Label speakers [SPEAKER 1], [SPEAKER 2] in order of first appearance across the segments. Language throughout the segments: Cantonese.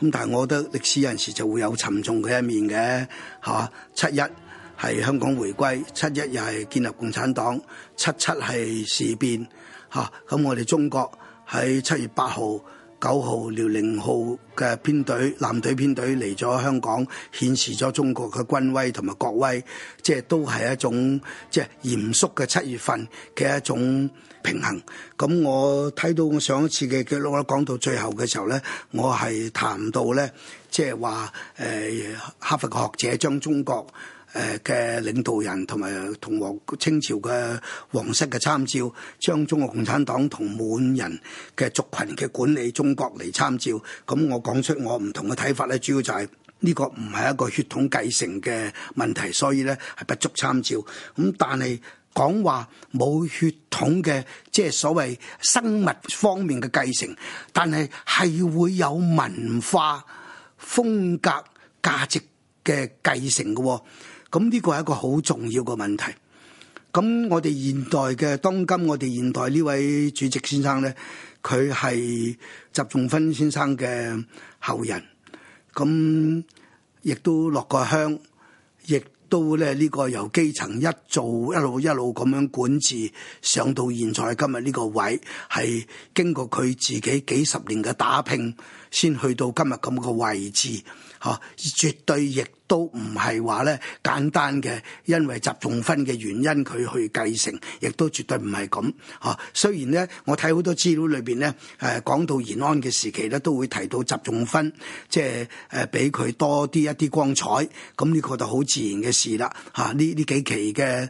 [SPEAKER 1] 咁但係，我覺得歷史有陣時就會有沉重嘅一面嘅，嚇、啊、七一係香港回歸，七一又係建立共產黨，七七係事變，嚇、啊、咁我哋中國喺七月八號、九號、遼寧號嘅編隊、艦隊編隊嚟咗香港，顯示咗中國嘅軍威同埋國威，即係都係一種即係嚴肅嘅七月份嘅一種平衡咁，我睇到我上一次嘅記錄，我講到最後嘅時候咧，我係談到咧，即係話誒哈佛嘅學者將中國誒嘅、呃、領導人同埋同皇清朝嘅皇室嘅參照，將中國共產黨同滿人嘅族群嘅管理中國嚟參照，咁我講出我唔同嘅睇法咧，主要就係呢個唔係一個血統繼承嘅問題，所以咧係不足參照。咁但係。講話冇血統嘅，即係所謂生物方面嘅繼承，但係係會有文化風格價值嘅繼承嘅、哦，咁呢個係一個好重要嘅問題。咁、嗯、我哋現代嘅當今，我哋現代呢位主席先生咧，佢係習仲勳先生嘅後人，咁、嗯、亦都落過鄉。都咧呢個由基層一做一路一路咁樣管治，上到現在今日呢個位，係經過佢自己幾十年嘅打拼，先去到今日咁個位置，嚇、啊、絕對亦。都唔係話咧簡單嘅，因為習仲勳嘅原因佢去繼承，亦都絕對唔係咁嚇。雖然咧，我睇好多資料裏邊咧，誒、啊、講到延安嘅時期咧，都會提到習仲勳，即係誒俾佢多啲一啲光彩。咁呢個就好自然嘅事啦嚇。呢、啊、呢幾期嘅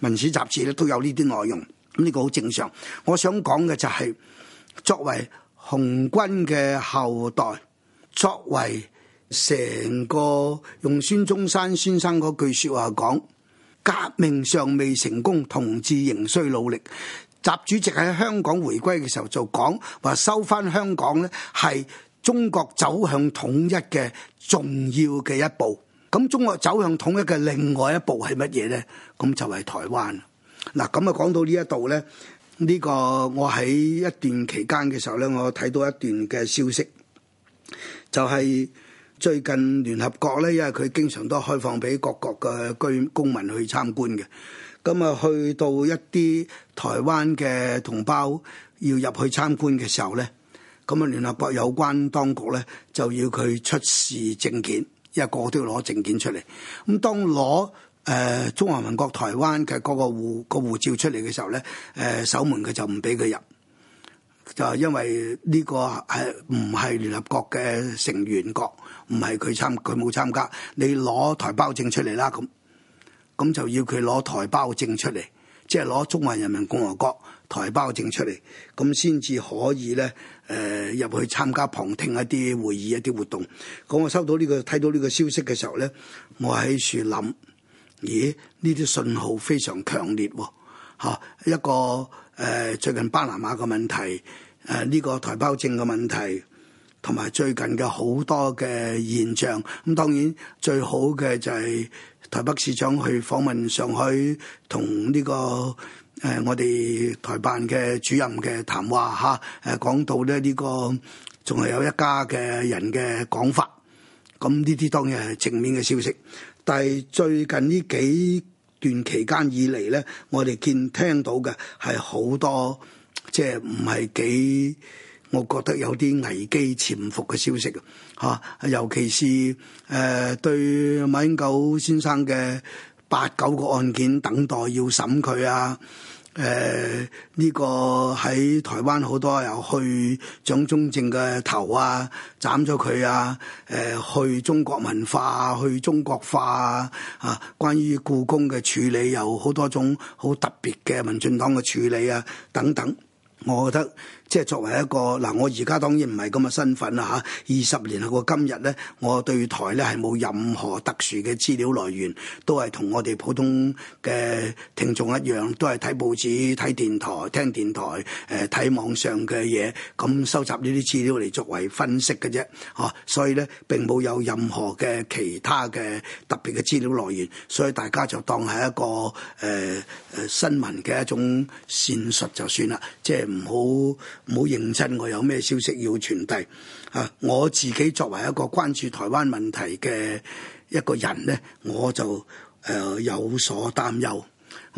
[SPEAKER 1] 文史雜誌咧都有呢啲內容，咁、嗯、呢、這個好正常。我想講嘅就係、是、作為紅軍嘅後代，作為。成個用孫中山先生嗰句說話講，革命尚未成功，同志仍需努力。習主席喺香港回歸嘅時候就講，話收翻香港呢係中國走向統一嘅重要嘅一步。咁中國走向統一嘅另外一步係乜嘢呢？咁就係台灣。嗱，咁啊講到呢一度呢，呢個我喺一段期間嘅時候呢，我睇到一段嘅消息，就係。最近聯合國咧，因為佢經常都開放俾各國嘅居公民去參觀嘅，咁、嗯、啊去到一啲台灣嘅同胞要入去參觀嘅時候咧，咁、嗯、啊聯合國有關當局咧就要佢出示證件，一個個都要攞證件出嚟。咁、嗯、當攞誒、呃、中華民國台灣嘅嗰個護個護照出嚟嘅時候咧，誒、呃、守門佢就唔俾佢入。就係因為呢個係唔係聯合國嘅成員國，唔係佢參佢冇參加，你攞台胞證出嚟啦，咁咁就要佢攞台胞證出嚟，即係攞中華人民共和國台胞證出嚟，咁先至可以咧誒入去參加旁聽一啲會議、一啲活動。咁我收到呢個睇到呢個消息嘅時候咧，我喺處諗，咦？呢啲信號非常強烈喎、啊，一個。誒最近巴拿馬個問題，誒、這、呢個台胞證嘅問題，同埋最近嘅好多嘅現象，咁當然最好嘅就係台北市長去訪問上海同呢個誒、呃、我哋台辦嘅主任嘅談話嚇，誒、啊、講到咧、這、呢個仲係有一家嘅人嘅講法，咁呢啲當然係正面嘅消息，但係最近呢幾。段期間以嚟咧，我哋見聽到嘅係好多，即係唔係幾，我覺得有啲危機潛伏嘅消息啊！尤其是誒、呃、對馬英九先生嘅八九個案件等待要審佢啊！誒呢、呃這個喺台灣好多又去蔣中正嘅頭啊，斬咗佢啊！誒、呃、去中國文化，啊，去中國化啊！啊，關於故宮嘅處理有好多種好特別嘅民進黨嘅處理啊，等等，我覺得。即係作為一個嗱，我而家當然唔係咁嘅身份啦嚇。二十年後嘅今日咧，我對台咧係冇任何特殊嘅資料來源，都係同我哋普通嘅聽眾一樣，都係睇報紙、睇電台、聽電台、誒、呃、睇網上嘅嘢，咁收集呢啲資料嚟作為分析嘅啫。哦、啊，所以咧並冇有任何嘅其他嘅特別嘅資料來源，所以大家就當係一個誒誒、呃、新聞嘅一種線術就算啦，即係唔好。唔好認真，我有咩消息要傳遞啊！我自己作為一個關注台灣問題嘅一個人咧，我就誒、呃、有所擔憂。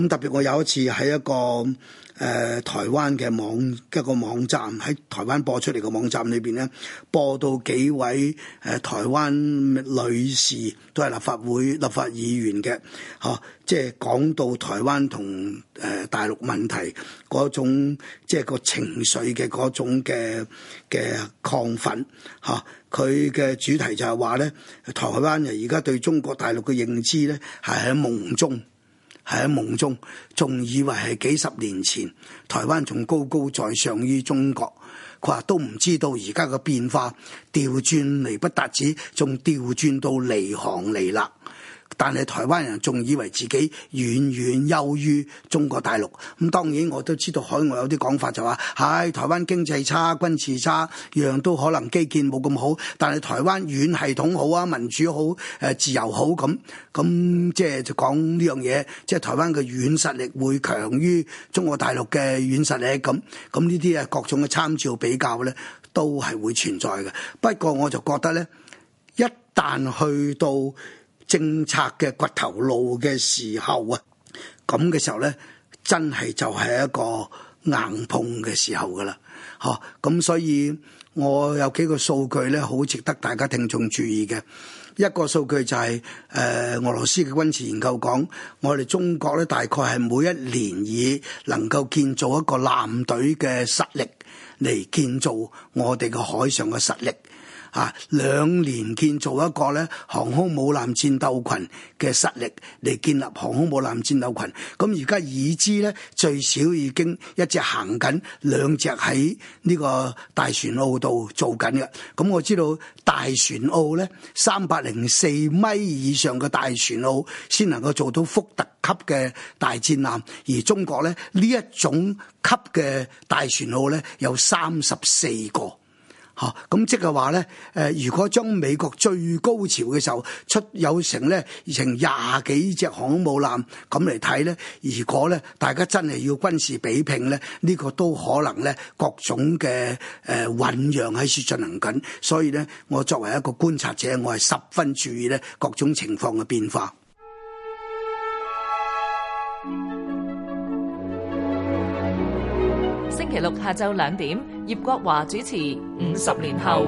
[SPEAKER 1] 咁特別，我有一次喺一個誒、呃、台灣嘅網一個網站喺台灣播出嚟嘅網站裏邊咧，播到幾位誒、呃、台灣女士都係立法會立法議員嘅，嚇、啊，即係講到台灣同誒、呃、大陸問題嗰種即係個情緒嘅嗰種嘅嘅亢奮嚇，佢、啊、嘅主題就係話咧，台灣人而家對中國大陸嘅認知咧係喺夢中。喺夢中，仲以為係幾十年前，台灣仲高高在上於中國，佢話都唔知道而家嘅變化，調轉嚟不達止，仲調轉到離行嚟啦。但係台灣人仲以為自己遠遠優於中國大陸，咁、嗯、當然我都知道海外有啲講法就話、是，唉、哎，台灣經濟差、軍事差，樣都可能基建冇咁好。但係台灣軟系統好啊，民主好、誒、呃、自由好咁，咁即係講呢樣嘢，即係台灣嘅軟實力會強於中國大陸嘅軟實力咁。咁呢啲啊，各種嘅參照比較呢，都係會存在嘅。不過我就覺得呢，一旦去到政策嘅掘頭路嘅時候啊，咁嘅時候呢，真係就係一個硬碰嘅時候噶啦，吓咁所以我有幾個數據呢，好值得大家聽眾注意嘅。一個數據就係、是，誒、呃、俄羅斯嘅軍事研究講，我哋中國呢，大概係每一年以能夠建造一個艦隊嘅實力嚟建造我哋嘅海上嘅實力。啊！兩年建造一個咧航空母艦戰鬥群嘅實力嚟建立航空母艦戰鬥群，咁而家已知咧最少已經一隻行緊，兩隻喺呢個大船澳度做緊嘅。咁、嗯、我知道大船澳咧三百零四米以上嘅大船澳先能夠做到福特級嘅大戰艦，而中國咧呢一種級嘅大船澳咧有三十四個。咁、哦、即係話咧，誒、呃、如果將美國最高潮嘅時候出有成咧成廿幾隻航空母艦咁嚟睇咧，如果咧大家真係要軍事比拼咧，呢、這個都可能咧各種嘅誒醞釀喺處進行緊，所以咧我作為一個觀察者，我係十分注意咧各種情況嘅變化。星期六下晝兩點，葉國華主持《五十年後》。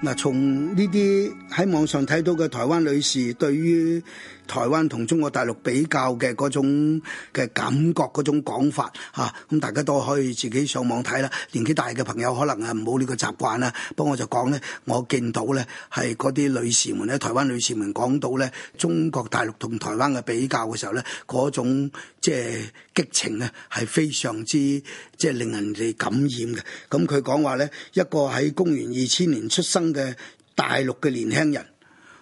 [SPEAKER 1] 嗱，從呢啲喺網上睇到嘅台灣女士對於台灣同中國大陸比較嘅種種嘅感覺種種講法吓，咁、啊嗯、大家都可以自己上網睇啦。年紀大嘅朋友可能啊冇呢個習慣啦，不過我就講咧，我見到咧係啲女士們咧，台灣女士們講到咧中國大陸同台灣嘅比較嘅時候咧，種即係激情咧係非常之即係、就是、令人哋感染嘅。咁佢講話咧，一個喺公元二千年出生，嘅大陸嘅年輕人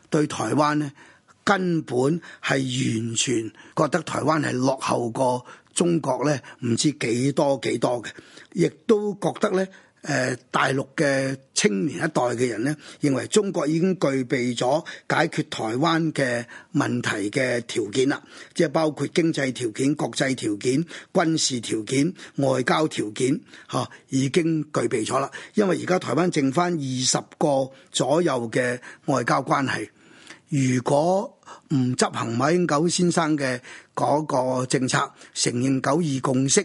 [SPEAKER 1] 對台灣咧，根本係完全覺得台灣係落後過中國咧，唔知幾多幾多嘅，亦都覺得咧。誒、呃、大陸嘅青年一代嘅人咧，認為中國已經具備咗解決台灣嘅問題嘅條件啦，即係包括經濟條件、國際條件、軍事條件、外交條件，嚇已經具備咗啦。因為而家台灣剩翻二十個左右嘅外交關係，如果唔執行馬英九先生嘅嗰個政策，承認九二共識。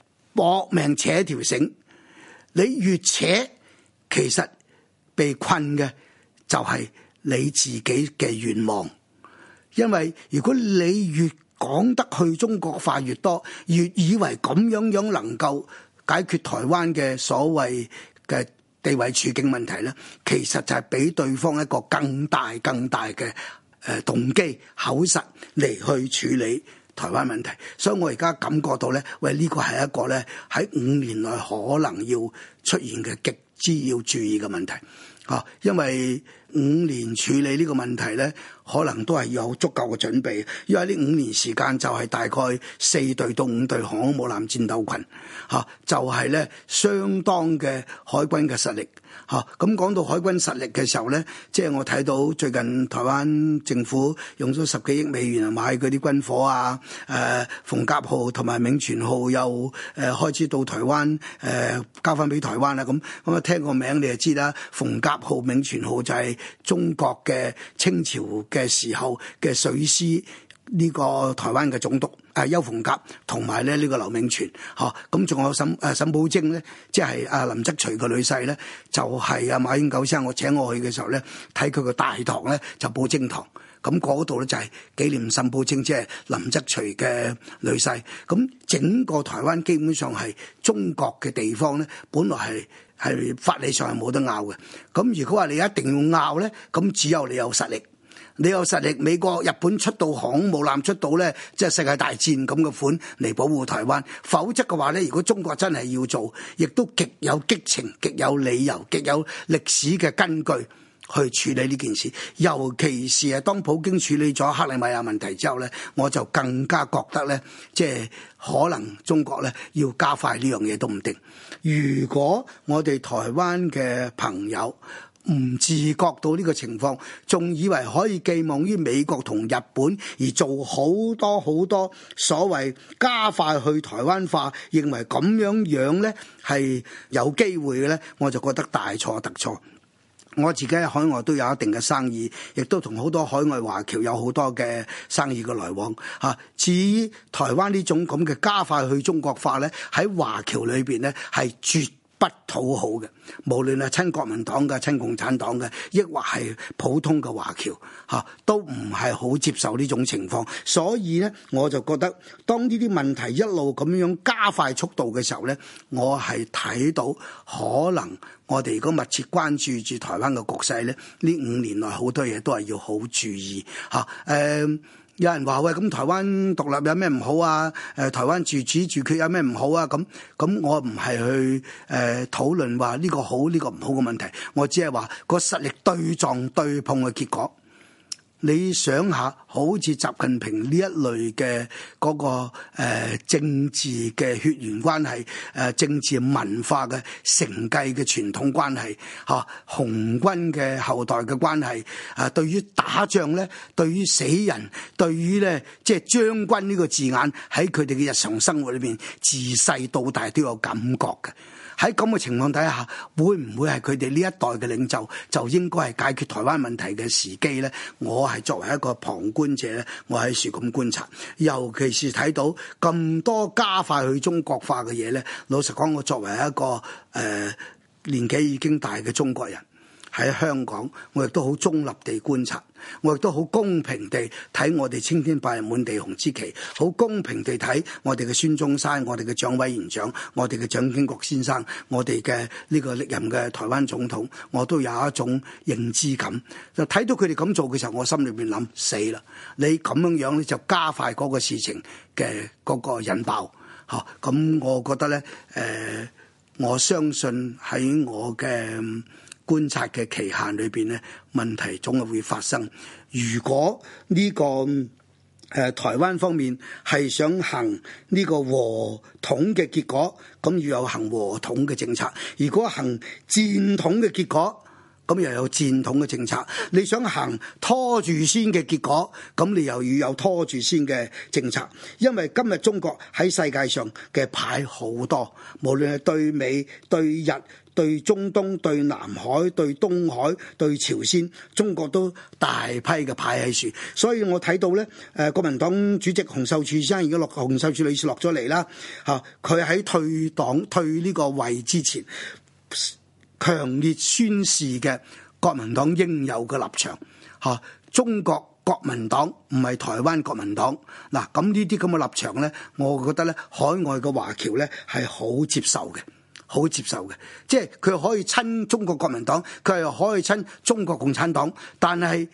[SPEAKER 1] 搏命扯條繩，你越扯，其實被困嘅就係你自己嘅願望。因為如果你越講得去中國化越多，越以為咁樣樣能夠解決台灣嘅所謂嘅地位處境問題咧，其實就係俾對方一個更大更大嘅誒動機、口實嚟去處理。台灣問題，所以我而家感覺到咧，喂，呢個係一個咧喺五年內可能要出現嘅極之要注意嘅問題，吓，因為五年處理呢個問題咧，可能都係有足夠嘅準備，因為呢五年時間就係大概四隊到五隊航空母艦戰鬥群，吓，就係咧相當嘅海軍嘅實力。嚇！咁、啊、講到海軍實力嘅時候咧，即係我睇到最近台灣政府用咗十幾億美元買嗰啲軍火啊，誒、呃，逢甲號同埋銘傳號又誒、呃、開始到台灣誒、呃、交翻俾台灣啦。咁咁啊，聽個名你就知啦，逢甲號、銘傳號就係中國嘅清朝嘅時候嘅水師。呢個台灣嘅總督、呃這個、啊，丘逢甲同埋咧呢個劉銘傳，嚇咁仲有沈誒、啊、沈葆楨咧，即係阿林則徐嘅女婿咧，就係、是、啊馬英九先生，我請我去嘅時候咧，睇佢個大堂咧就葆楨堂，咁嗰度咧就係紀念沈葆楨，即係林則徐嘅女婿。咁、啊、整個台灣基本上係中國嘅地方咧，本來係係法理上係冇得拗嘅。咁、啊、如果話你一定要拗咧，咁只有你有實力。你有實力，美國、日本出到航母艦出到咧，即係世界大戰咁嘅款嚟保護台灣。否則嘅話咧，如果中國真係要做，亦都極有激情、極有理由、極有歷史嘅根據去處理呢件事。尤其是係當普京處理咗克里米亞問題之後咧，我就更加覺得咧，即係可能中國咧要加快呢樣嘢都唔定。如果我哋台灣嘅朋友，唔自覺到呢個情況，仲以為可以寄望於美國同日本而做好多好多所謂加快去台灣化，認為咁樣樣呢係有機會嘅，呢我就覺得大錯特錯。我自己喺海外都有一定嘅生意，亦都同好多海外華僑有好多嘅生意嘅來往吓，啊。至於台灣呢種咁嘅加快去中國化呢喺華僑裏邊呢係絕不討好嘅，無論係親國民黨嘅、親共產黨嘅，抑或係普通嘅華僑，嚇、啊、都唔係好接受呢種情況。所以咧，我就覺得當呢啲問題一路咁樣加快速度嘅時候咧，我係睇到可能我哋如果密切關注住台灣嘅局勢咧，呢五年內好多嘢都係要好注意嚇。誒、啊。嗯。有人話喂，咁台灣獨立有咩唔好啊？誒、呃、台灣自主自決有咩唔好啊？咁咁，我唔係去誒討論話呢個好呢個唔好嘅問題，我只係話個實力對撞對碰嘅結果。你想下，好似習近平呢一類嘅嗰、那個、呃、政治嘅血緣關係、誒、呃、政治文化嘅承繼嘅傳統關係，嚇、啊、紅軍嘅後代嘅關係，誒、啊、對於打仗咧、對於死人、對於咧即係將軍呢個字眼，喺佢哋嘅日常生活裏邊，自細到大都有感覺嘅。喺咁嘅情況底下，會唔會係佢哋呢一代嘅領袖就應該係解決台灣問題嘅時機呢？我係作為一個旁觀者，我喺度咁觀察，尤其是睇到咁多加快去中國化嘅嘢咧。老實講，我作為一個誒、呃、年紀已經大嘅中國人喺香港，我亦都好中立地觀察。我亦都好公平地睇我哋青天白日滿地紅之旗，好公平地睇我哋嘅孫中山、我哋嘅蔣委員長、我哋嘅蔣經國先生、我哋嘅呢個歷任嘅台灣總統，我都有一種認知感。就睇到佢哋咁做嘅時候，我心裏邊諗死啦！你咁樣樣咧，就加快嗰個事情嘅嗰個引爆吓。咁我覺得咧，誒、呃，我相信喺我嘅。觀察嘅期限裏邊咧，問題總係會發生。如果呢、這個誒、呃、台灣方面係想行呢個和統嘅結果，咁要有行和統嘅政策；如果行戰統嘅結果，咁又有戰統嘅政策，你想行拖住先嘅結果，咁你又要有拖住先嘅政策，因為今日中國喺世界上嘅牌好多，無論係對美、對日、對中東、對南海、對東海、對朝鮮，中國都大批嘅牌喺度，所以我睇到呢，誒國民黨主席洪秀柱先生而家落洪秀柱女士落咗嚟啦，嚇佢喺退黨退呢個位之前。強烈宣示嘅國民黨應有嘅立場，吓、啊、中國國民黨唔係台灣國民黨。嗱、啊，咁呢啲咁嘅立場呢，我覺得呢，海外嘅華僑呢係好接受嘅，好接受嘅，即係佢可以親中國國民黨，佢係可以親中國共產黨，但係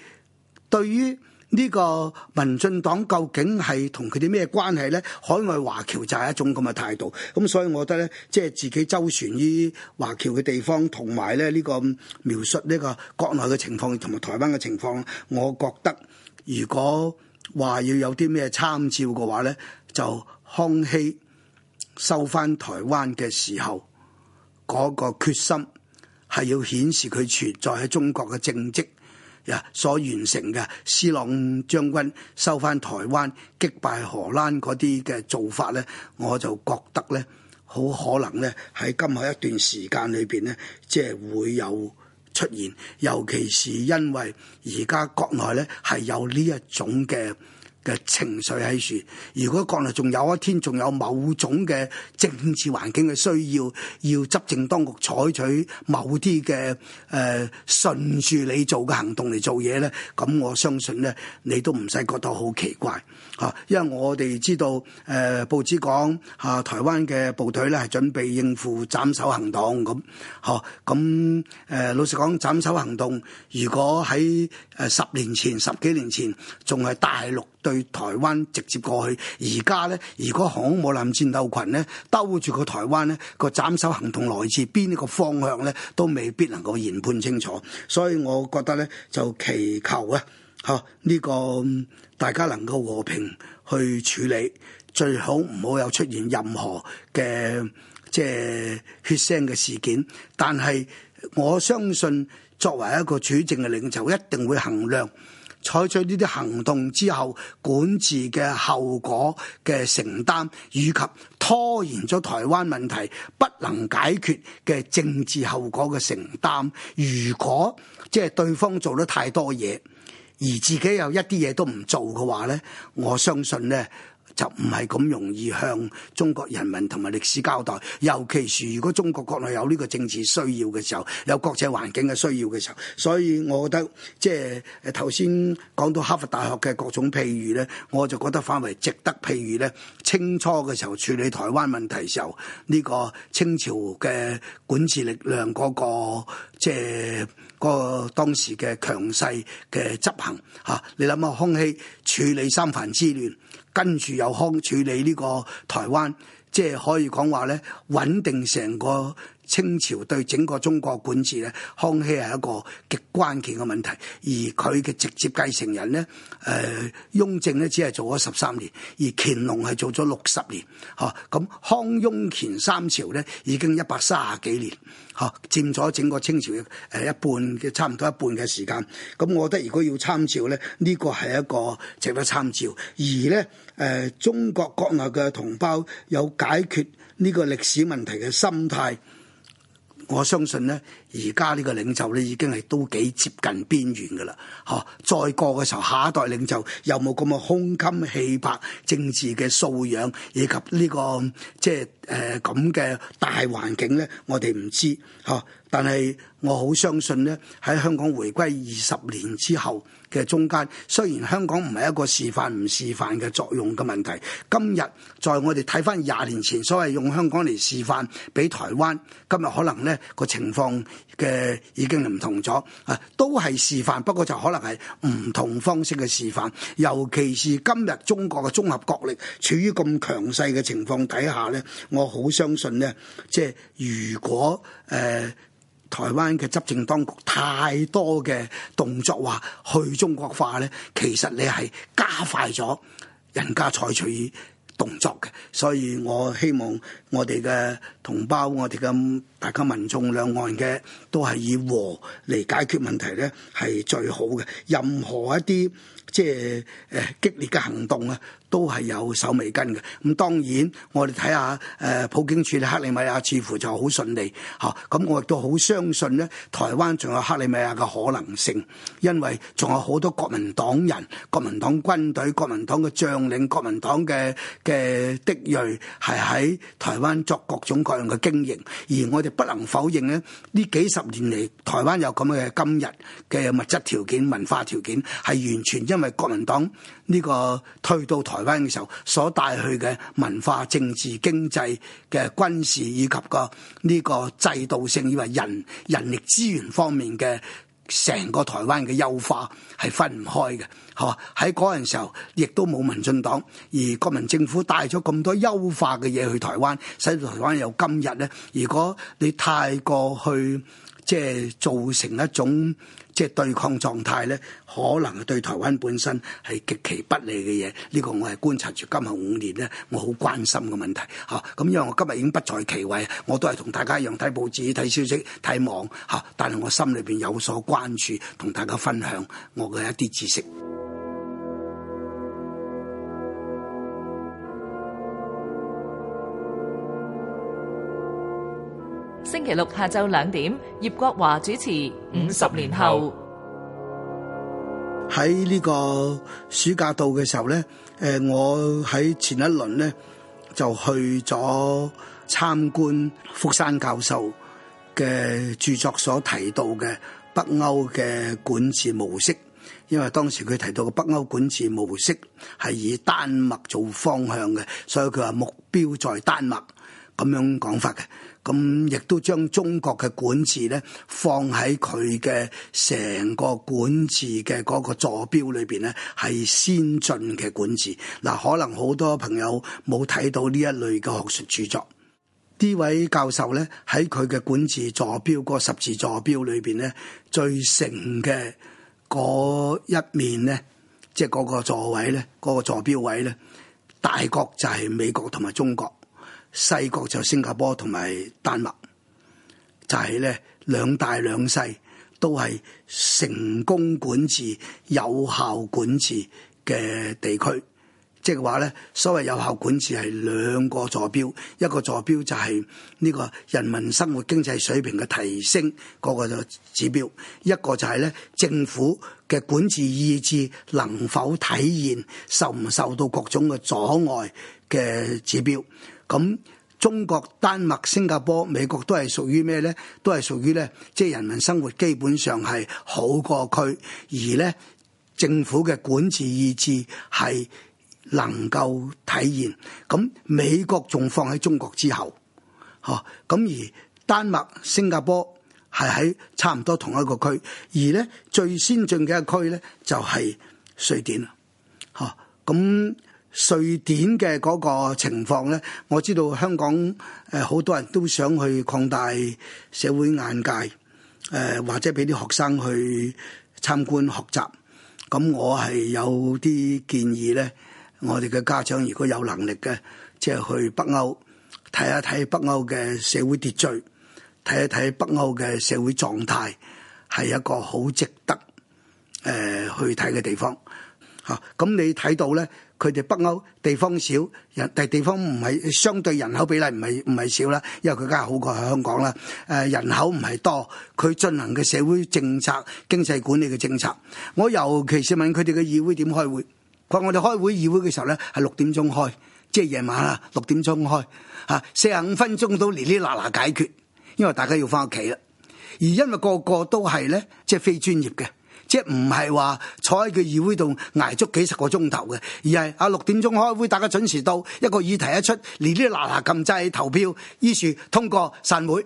[SPEAKER 1] 對於。呢個民進黨究竟係同佢哋咩關係呢？海外華僑就係一種咁嘅態度，咁所以我覺得呢，即係自己周旋於華僑嘅地方，同埋咧呢個描述呢個國內嘅情況同埋台灣嘅情況，我覺得如果話要有啲咩參照嘅話呢，就康熙收翻台灣嘅時候嗰個決心係要顯示佢存在喺中國嘅政績。Yeah, 所完成嘅，施琅將軍收翻台灣、擊敗荷蘭嗰啲嘅做法呢，我就覺得呢，好可能呢，喺今後一段時間裏邊呢，即係會有出現，尤其是因為而家國內呢，係有呢一種嘅。嘅情緒喺度。如果國內仲有一天仲有某種嘅政治環境嘅需要，要執政當局採取某啲嘅、誒順住你做嘅行動嚟做嘢咧，咁我相信咧，你都唔使覺得好奇怪。啊，因為我哋知道，誒、呃、報紙講嚇、啊、台灣嘅部隊咧係準備應付斬首行動咁，嚇咁誒老實講斬首行動，如果喺誒十年前、十幾年前仲係大陸對台灣直接過去，而家咧，如果航空母艦戰鬥群咧兜住個台灣咧，個斬首行動來自邊一個方向咧，都未必能夠研判清楚，所以我覺得咧就祈求啊！好，呢個大家能夠和平去處理，最好唔好有出現任何嘅即血腥嘅事件。但係我相信作為一個主政嘅領袖，一定會衡量採取呢啲行動之後管治嘅後果嘅承擔，以及拖延咗台灣問題不能解決嘅政治後果嘅承擔。如果即係對方做得太多嘢，而自己又一啲嘢都唔做嘅話咧，我相信咧，就唔係咁容易向中國人民同埋歷史交代，尤其是如果中國國內有呢個政治需要嘅時候，有國際環境嘅需要嘅時候，所以我覺得即係頭先講到哈佛大學嘅各種譬喻咧，我就覺得反為值得譬喻咧。清初嘅時候處理台灣問題嘅時候，呢、這個清朝嘅管治力量嗰、那個即係、那個當時嘅強勢嘅執行吓、啊，你諗下康熙處理三藩之亂。跟住又康處理呢個台灣，即係可以講話咧穩定成個。清朝對整個中國管治咧，康熙係一個極關鍵嘅問題，而佢嘅直接繼承人咧，誒、呃、雍正呢，只係做咗十三年，而乾隆係做咗六十年，嚇、啊、咁康雍乾三朝咧已經一百三十幾年，嚇、啊、佔咗整個清朝嘅誒一半嘅差唔多一半嘅時間，咁我覺得如果要參照咧，呢、呢個係一個值得參照，而咧誒、呃、中國國內嘅同胞有解決呢個歷史問題嘅心態。我相信呢。而家呢個領袖咧已經係都幾接近邊緣噶啦，嚇！再過嘅時候，下一代領袖有冇咁嘅胸襟氣魄、政治嘅素養以及呢個即係誒咁嘅大環境咧，我哋唔知嚇。但係我好相信咧，喺香港回歸二十年之後嘅中間，雖然香港唔係一個示範唔示範嘅作用嘅問題，今日在我哋睇翻廿年前所謂用香港嚟示範俾台灣，今日可能咧個情況。嘅已經唔同咗啊，都係示範，不過就可能係唔同方式嘅示範。尤其是今日中國嘅綜合國力處於咁強勢嘅情況底下呢，我好相信呢，即係如果誒、呃、台灣嘅執政當局太多嘅動作話去中國化呢，其實你係加快咗人家採取。動作嘅，所以我希望我哋嘅同胞，我哋咁大家民眾兩岸嘅都係以和嚟解決問題咧，係最好嘅。任何一啲。即係誒激烈嘅行動啊，都係有手尾跟嘅。咁當然我哋睇下誒普京處理克里米亞似乎就好順利吓，咁我亦都好相信咧，台灣仲有克里米亞嘅可能性，因為仲有好多國民黨人、國民黨軍隊、國民黨嘅將領、國民黨嘅嘅的銳係喺台灣作各種各樣嘅經營，而我哋不能否認咧，呢幾十年嚟台灣有咁嘅今日嘅物質條件、文化條件係完全一。因為國民黨呢個推到台灣嘅時候，所帶去嘅文化、政治、經濟嘅軍事以及個呢個制度性，以為人人力資源方面嘅成個台灣嘅優化係分唔開嘅。吓，喺嗰陣時候，亦都冇民進黨，而國民政府帶咗咁多優化嘅嘢去台灣，使到台灣有今日咧。如果你太過去即係造成一種。即係對抗狀態咧，可能對台灣本身係極其不利嘅嘢。呢、呢個我係觀察住今後五年咧，我好關心嘅問題嚇。咁、嗯、因為我今日已經不在其位，我都係同大家一樣睇報紙、睇消息、睇網嚇、嗯，但係我心裏邊有所關注，同大家分享我嘅一啲知識。星期六下晝兩點，葉國華主持。五十年後，喺呢個暑假到嘅時候咧，誒，我喺前一輪咧就去咗參觀福山教授嘅著作所提到嘅北歐嘅管治模式。因為當時佢提到嘅北歐管治模式係以丹麥做方向嘅，所以佢話目標在丹麥。咁樣講法嘅，咁亦都將中國嘅管治咧放喺佢嘅成個管治嘅嗰個座標裏邊咧，係先進嘅管治。嗱，可能好多朋友冇睇到呢一類嘅學術著作。呢位教授咧喺佢嘅管治座標、嗰個十字座標裏邊咧，最成嘅嗰一面咧，即係嗰個座位咧，嗰、嗰個座標位咧，大國就係美國同埋中國。細國就新加坡同埋丹麥，就係咧兩大兩細都係成功管治、有效管治嘅地區。即係話咧，所謂有效管治係兩個坐標，一個坐標就係呢個人民生活經濟水平嘅提升嗰個指標，一個就係咧政府嘅管治意志能否體現，受唔受到各種嘅阻礙嘅指標。咁中國、丹麥、新加坡、美國都係屬於咩呢？都係屬於呢，即係人民生活基本上係好過個區，而呢政府嘅管治意志係能夠體現。咁美國仲放喺中國之後，嚇，咁而丹麥、新加坡係喺差唔多同一個區，而呢最先進嘅一個區呢就係瑞典啦，咁。瑞典嘅嗰個情況咧，我知道香港誒好多人都想去擴大社會眼界，誒、呃、或者俾啲學生去參觀學習，咁我係有啲建議咧，我哋嘅家長如果有能力嘅，即係去北歐睇一睇北歐嘅社會秩序，睇一睇北歐嘅社會狀態，係一個好值得誒、呃、去睇嘅地方。吓，咁你睇到咧？佢哋北歐地方少人，但係地方唔係相對人口比例唔係唔係少啦，因為佢梗係好過香港啦。誒，人口唔係多，佢進行嘅社會政策、經濟管理嘅政策，我尤其是問佢哋嘅議會點開會，佢話我哋開會議會嘅時候咧係六點鐘開，即係夜晚啦，六點鐘開嚇四十五分鐘都哩哩啦啦解決，因為大家要翻屋企啦。而因為個個都係咧，即係非專業嘅。即係唔係話坐喺個議會度挨足幾十個鐘頭嘅，而係啊六點鐘開會，大家準時到，一個議題一出，連啲嗱嗱撳掣投票，於是通過散會。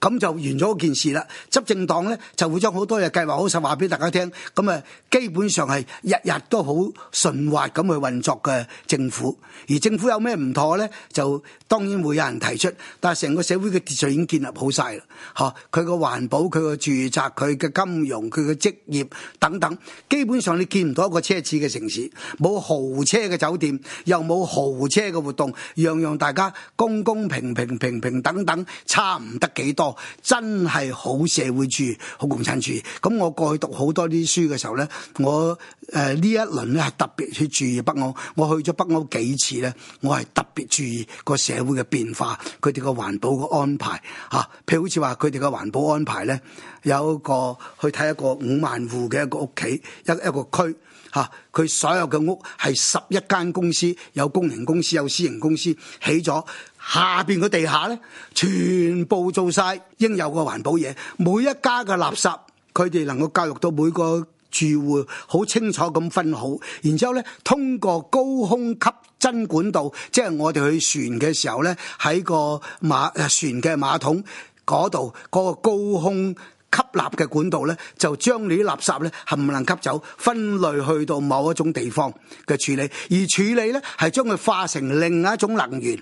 [SPEAKER 1] 咁就完咗件事啦。執政黨咧就會將好多嘢計劃好實話俾大家聽。咁啊，基本上係日日都好順滑咁去運作嘅政府。而政府有咩唔妥咧？就當然會有人提出。但係成個社會嘅秩序已經建立好晒啦。吓，佢個環保、佢個住宅、佢嘅金融、佢嘅職業等等，基本上你見唔到一個奢侈嘅城市，冇豪車嘅酒店，又冇豪車嘅活動，樣樣大家公公平平平平，平，平，平等等，差唔得幾多。真係好社會主義、好共產主義。咁我過去讀好多啲書嘅時候、呃、呢，我誒呢一輪咧係特別去注意北歐。我去咗北歐幾次呢，我係特別注意個社會嘅變化，佢哋個環保嘅安排吓、啊。譬如好似話佢哋嘅環保安排呢，有一個去睇一個五萬戶嘅一個屋企一個屋一個一個區吓，佢、啊、所有嘅屋係十一間公司，公，公司，有公營公司，有私營公司起咗。下邊個地下咧，全部做晒應有嘅環保嘢。每一家嘅垃圾，佢哋能夠教育到每個住戶，好清楚咁分好。然之後咧，通過高空吸針管道，即係我哋去船嘅時候咧，喺個馬船嘅馬桶嗰度，嗰個高空吸納嘅管道咧，就將呢啲垃圾咧，係唔能吸走，分類去到某一種地方嘅處理，而處理咧係將佢化成另一種能源。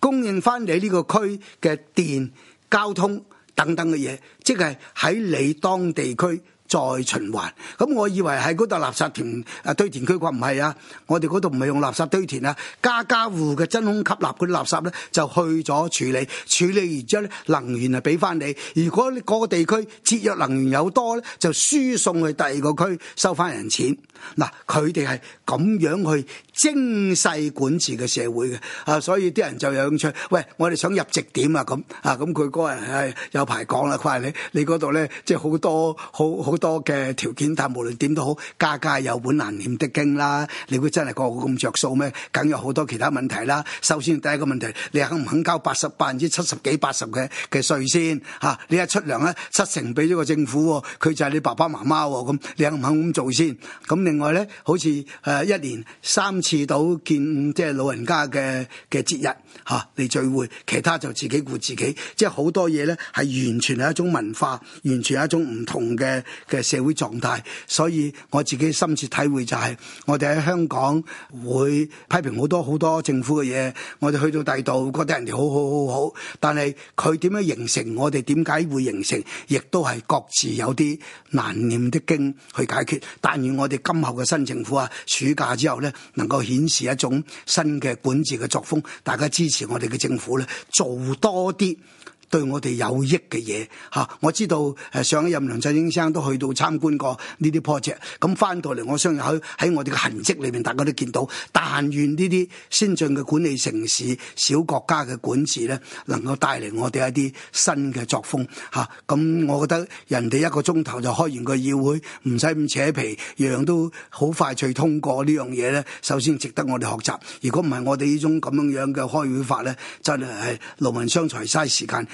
[SPEAKER 1] 供應返你呢個區嘅電、交通等等嘅嘢，即係喺你當地區。再循環，咁我以為係嗰度垃圾填啊堆填區，話唔係啊，我哋嗰度唔係用垃圾堆填啊，家家戶嘅真空吸納嗰啲垃圾咧就去咗處理，處理完之後咧能源啊俾翻你。如果你個地區節約能源有多咧，就輸送去第二個區收翻人錢。嗱，佢哋係咁樣去精細管治嘅社會嘅啊，所以啲人就有興趣：「喂，我哋想入直點啊咁啊，咁佢嗰人係有排講啦，佢話你你嗰度咧即係好多好好。多嘅條件，但係無論點都好，家家有本難念的經啦。你會真係個個咁着數咩？梗有好多其他問題啦。首先第一個問題，你肯唔肯交八十百分之七十幾八十嘅嘅稅先？嚇、啊，你一出糧咧，七成俾咗個政府，哦，佢就係你爸爸媽媽喎，哦，咁你肯唔肯咁做先？咁、啊、另外咧，好似誒、啊、一年三次到見五即係老人家嘅嘅節日嚇你聚會，其他就自己顧自己，即係好多嘢咧係完全係一種文化，完全係一種唔同嘅。嘅社會狀態，所以我自己深切體會就係，我哋喺香港會批評好多好多政府嘅嘢，我哋去到第度覺得人哋好好好好，但係佢點樣形成，我哋點解會形成，亦都係各自有啲難念的經去解決。但願我哋今後嘅新政府啊，暑假之後呢，能夠顯示一種新嘅管治嘅作風，大家支持我哋嘅政府呢，做多啲。對我哋有益嘅嘢嚇，我知道誒、呃、上一任梁振英生都去到參觀過呢啲 project、嗯。咁返到嚟我相信喺喺我哋嘅痕跡裏面，大家都見到。但願呢啲先進嘅管理城市、小國家嘅管治咧，能夠帶嚟我哋一啲新嘅作風嚇。咁、嗯、我覺得人哋一個鐘頭就開完個議會，唔使咁扯皮，樣樣都好快脆通過呢樣嘢咧。首先值得我哋學習。如果唔係我哋呢種咁樣樣嘅開會法咧，真係勞民傷財，嘥時間。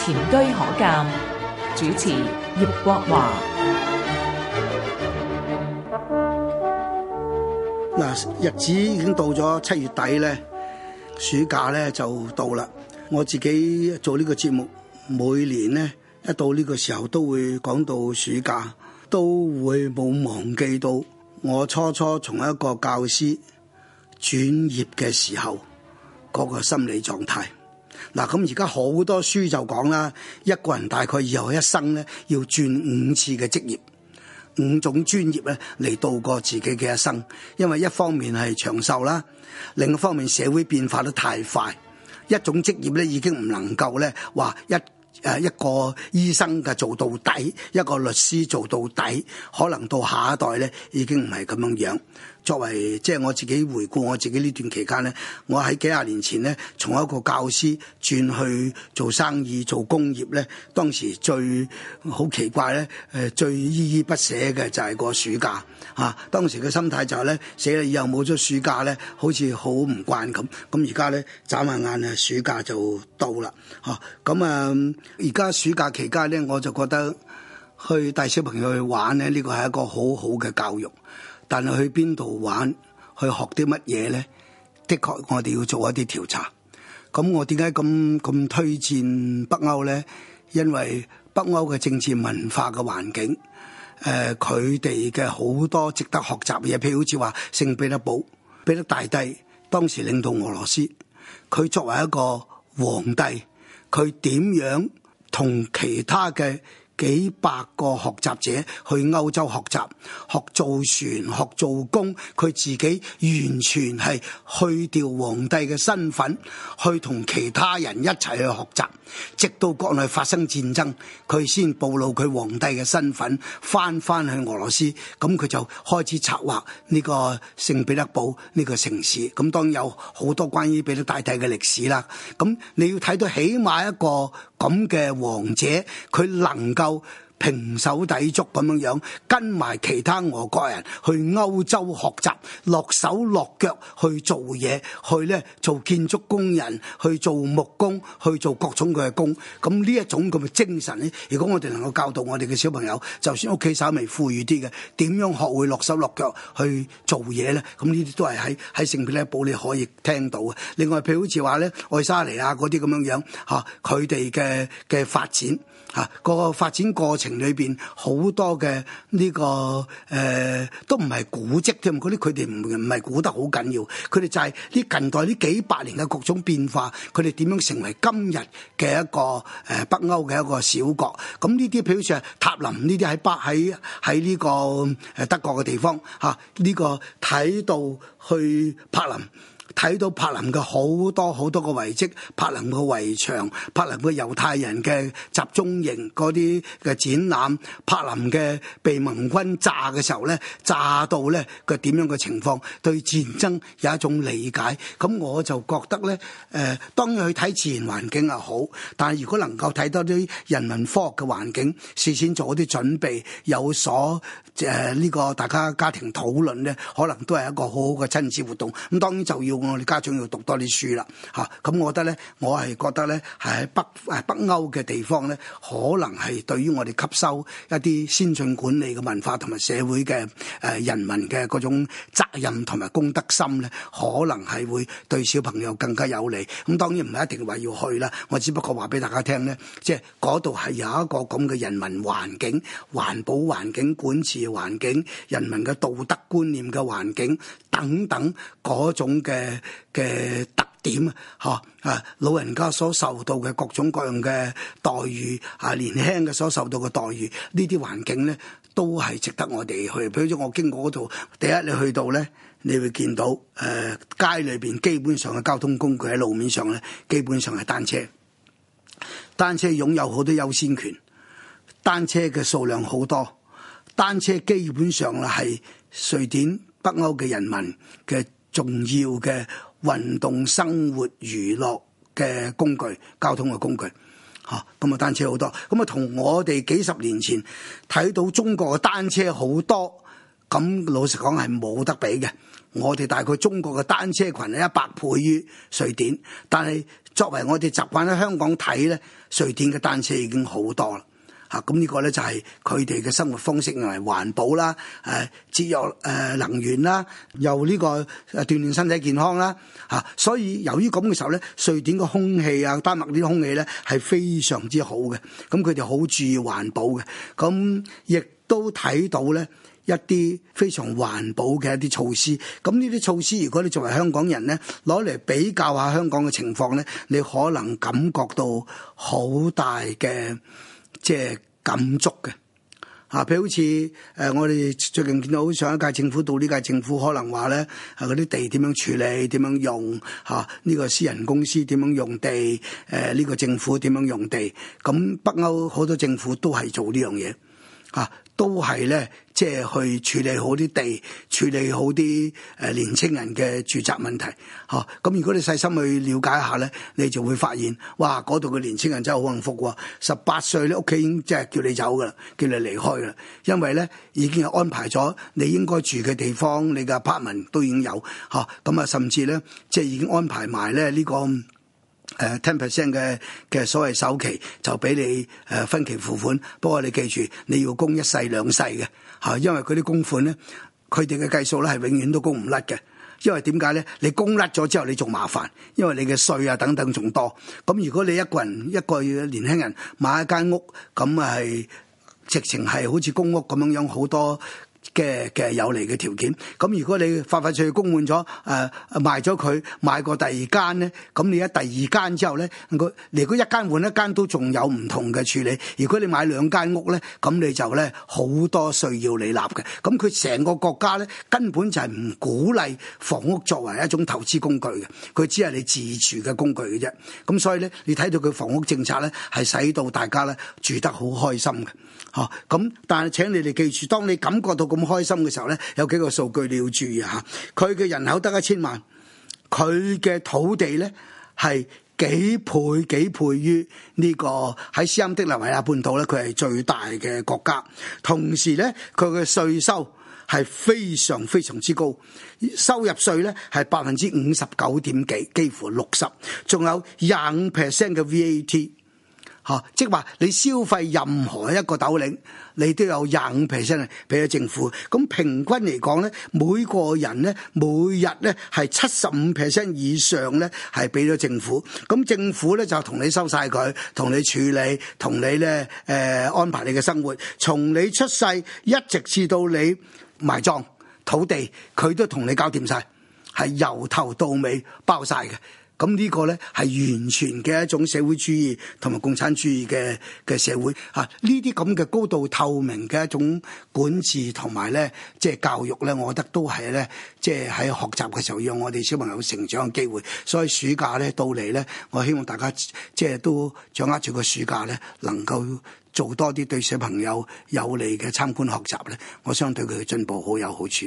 [SPEAKER 1] 前車可鑑，主持葉國華。嗱，日子已經到咗七月底咧，暑假咧就到啦。我自己做呢個節目，每年咧一到呢個時候，都會講到暑假，都會冇忘記到我初初從一個教師轉業嘅時候，嗰個心理狀態。嗱，咁而家好多書就講啦，一個人大概以後一生咧要轉五次嘅職業，五種專業咧嚟度過自己嘅一生。因為一方面係長壽啦，另一方面社會變化得太快，一種職業咧已經唔能夠咧話一誒一個醫生嘅做到底，一個律師做到底，可能到下一代咧已經唔係咁樣樣。作為即係我自己回顧我自己呢段期間咧，我喺幾廿年前咧，從一個教師轉去做生意、做工業咧，當時最好奇怪咧，誒最依依不捨嘅就係個暑假嚇、啊。當時嘅心態就係咧，死啦以後冇咗暑假咧，好似好唔慣咁。咁而家呢，眨下眼啊，暑假就到啦嚇。咁啊，而、啊、家暑假期間呢，我就覺得去帶小朋友去玩呢，呢、這個係一個好好嘅教育。但係去邊度玩？去學啲乜嘢呢？的確，我哋要做一啲調查。咁我點解咁咁推薦北歐呢？因為北歐嘅政治文化嘅環境，誒佢哋嘅好多值得學習嘅嘢，譬如好似話聖彼得堡，彼得大帝當時領導俄羅斯，佢作為一個皇帝，佢點樣同其他嘅？幾百個學習者去歐洲學習，學造船、學做工，佢自己完全係去掉皇帝嘅身份，去同其他人一齊去學習。直到國內發生戰爭，佢先暴露佢皇帝嘅身份，返返去俄羅斯，咁佢就開始策劃呢個聖彼得堡呢個城市。咁當然有好多關於彼得大帝嘅歷史啦。咁你要睇到起碼一個。咁嘅王者，佢能夠，平手抵足咁樣樣，跟埋其他俄國人去歐洲學習，落手落腳去做嘢，去呢做建築工人，去做木工，去做各種嘅工。咁呢一種咁嘅精神呢，如果我哋能夠教導我哋嘅小朋友，就算屋企稍微富裕啲嘅，點樣學會落手落腳去做嘢呢？咁呢啲都係喺喺聖彼得堡你可以聽到嘅。另外，譬如好似話呢愛沙尼亞嗰啲咁樣樣，吓佢哋嘅嘅發展。啊！個發展過程裏邊好多嘅呢、呢個誒、呃，都唔係古蹟添，啲佢哋唔唔係古得好緊要，佢哋就係啲近代呢幾百年嘅各種變化，佢哋點樣成為今日嘅一個誒、呃、北歐嘅一個小國？咁呢啲譬如說，塔林呢啲喺北喺喺呢個誒德國嘅地方嚇，呢、啊呢個睇到去柏林。睇到柏林嘅好多好多個遺迹，柏林嘅圍牆，柏林嘅猶太人嘅集中營啲嘅展覽，柏林嘅被盟軍炸嘅時候咧，炸到咧個點樣嘅情況，對戰爭有一種理解。咁我就覺得咧、呃，當然去睇自然環境又好，但係如果能夠睇多啲人民科學嘅環境，事先做啲準備有所誒呢、呃，呢個大家家庭討論咧，可能都係一個好好嘅親子活動，咁當然就要。我哋家長要讀多啲書啦，嚇、啊！咁我覺得咧，我係覺得咧，係喺北誒北歐嘅地方咧，可能係對於我哋吸收一啲先進管理嘅文化同埋社會嘅誒、呃、人民嘅嗰種責任同埋公德心咧，可能係會對小朋友更加有利。咁、嗯、當然唔係一定話要去啦，我只不過話俾大家聽咧，即係嗰度係有一個咁嘅人民環境、環保環境、管治環境、人民嘅道德觀念嘅環境等等嗰種嘅。嘅嘅特點啊，嚇、啊老人家所受到嘅各種各樣嘅待遇啊，年輕嘅所受到嘅待遇，呢啲環境咧都係值得我哋去。譬如我經過嗰度，第一你去到咧，你會見到誒、呃、街裏邊基本上嘅交通工具喺路面上咧，基本上係單車，單車擁有好多優先權，單車嘅數量好多，單車基本上啦係瑞典北歐嘅人民嘅。重要嘅運動生活、娛樂嘅工具、交通嘅工具，吓咁啊單車好多，咁啊同我哋幾十年前睇到中國嘅單車好多，咁老實講係冇得比嘅。我哋大概中國嘅單車群係一百倍於瑞典，但係作為我哋習慣喺香港睇咧，瑞典嘅單車已經好多啦。嚇，咁呢個咧就係佢哋嘅生活方式，用嚟環保啦，誒、啊、節約誒、呃、能源啦、啊，又呢個誒鍛鍊身體健康啦。嚇、啊，所以由於咁嘅時候咧，瑞典嘅空氣啊、丹麥啲空氣咧係非常之好嘅。咁佢哋好注意環保嘅，咁、啊、亦都睇到咧一啲非常環保嘅一啲措施。咁呢啲措施，如果你作為香港人咧，攞嚟比較下香港嘅情況咧，你可能感覺到好大嘅。即係感觸嘅嚇，譬、啊、如好似誒、呃，我哋最近見到，上一屆政府到呢屆政府，可能話咧，係嗰啲地點樣處理，點樣用嚇？呢、啊，呢個私人公司點樣用地？誒、呃，呢、呢個政府點樣用地？咁、啊、北歐好多政府都係做呢樣嘢嚇。啊都係咧，即係去處理好啲地，處理好啲誒年青人嘅住宅問題。嚇咁，如果你細心去了解一下咧，你就會發現哇，嗰度嘅年青人真係好幸福喎、哦。十八歲咧，屋企已經即係叫你走噶啦，叫你離開噶啦，因為咧已經係安排咗你應該住嘅地方，你嘅 apartment 都已經有嚇咁啊，甚至咧即係已經安排埋咧呢個。誒 ten percent 嘅嘅所謂首期就俾你，誒分期付款，不過你記住你要供一世兩世嘅嚇，因為嗰啲供款咧，佢哋嘅計數咧係永遠都供唔甩嘅，因為點解咧？你供甩咗之後你仲麻煩，因為你嘅稅啊等等仲多。咁如果你一個人一個年輕人買一間屋，咁係直情係好似公屋咁樣樣好多。嘅嘅有利嘅條件，咁如果你發發出去供滿咗，誒、呃、賣咗佢買過第二間咧，咁你喺第二間之後咧，佢如果一間換一間都仲有唔同嘅處理，如果你買兩間屋咧，咁你就咧好多稅要你納嘅，咁佢成個國家咧根本就係唔鼓勵房屋作為一種投資工具嘅，佢只係你自住嘅工具嘅啫，咁所以咧你睇到佢房屋政策咧係使到大家咧住得好開心嘅，吓，咁但係請你哋記住，當你感覺到個咁開心嘅時候咧，有幾個數據你要注意吓。佢嘅人口得一千萬，佢嘅土地咧係幾倍幾倍於呢個斯堪的納維亞半島咧，佢係最大嘅國家。同時咧，佢嘅稅收係非常非常之高，收入稅咧係百分之五十九點幾，幾乎六十，仲有廿五 percent 嘅 VAT。啊、即係話你消費任何一個斗零，你都有廿五 percent 俾咗政府。咁平均嚟講咧，每個人咧，每日咧係七十五 percent 以上咧係俾咗政府。咁政府咧就同你收晒佢，同你處理，同你咧誒、呃、安排你嘅生活，從你出世一直至到你埋葬土地，佢都同你搞掂晒，係由頭到尾包晒嘅。咁呢個呢，係完全嘅一種社會主義同埋共產主義嘅嘅社會啊！呢啲咁嘅高度透明嘅一種管治同埋呢，即係教育呢，我覺得都係呢，即係喺學習嘅時候，讓我哋小朋友成長嘅機會。所以暑假呢，到嚟呢，我希望大家即係都掌握住個暑假呢，能夠做多啲對小朋友有利嘅參觀學習呢，我相信對佢嘅進步好有好處。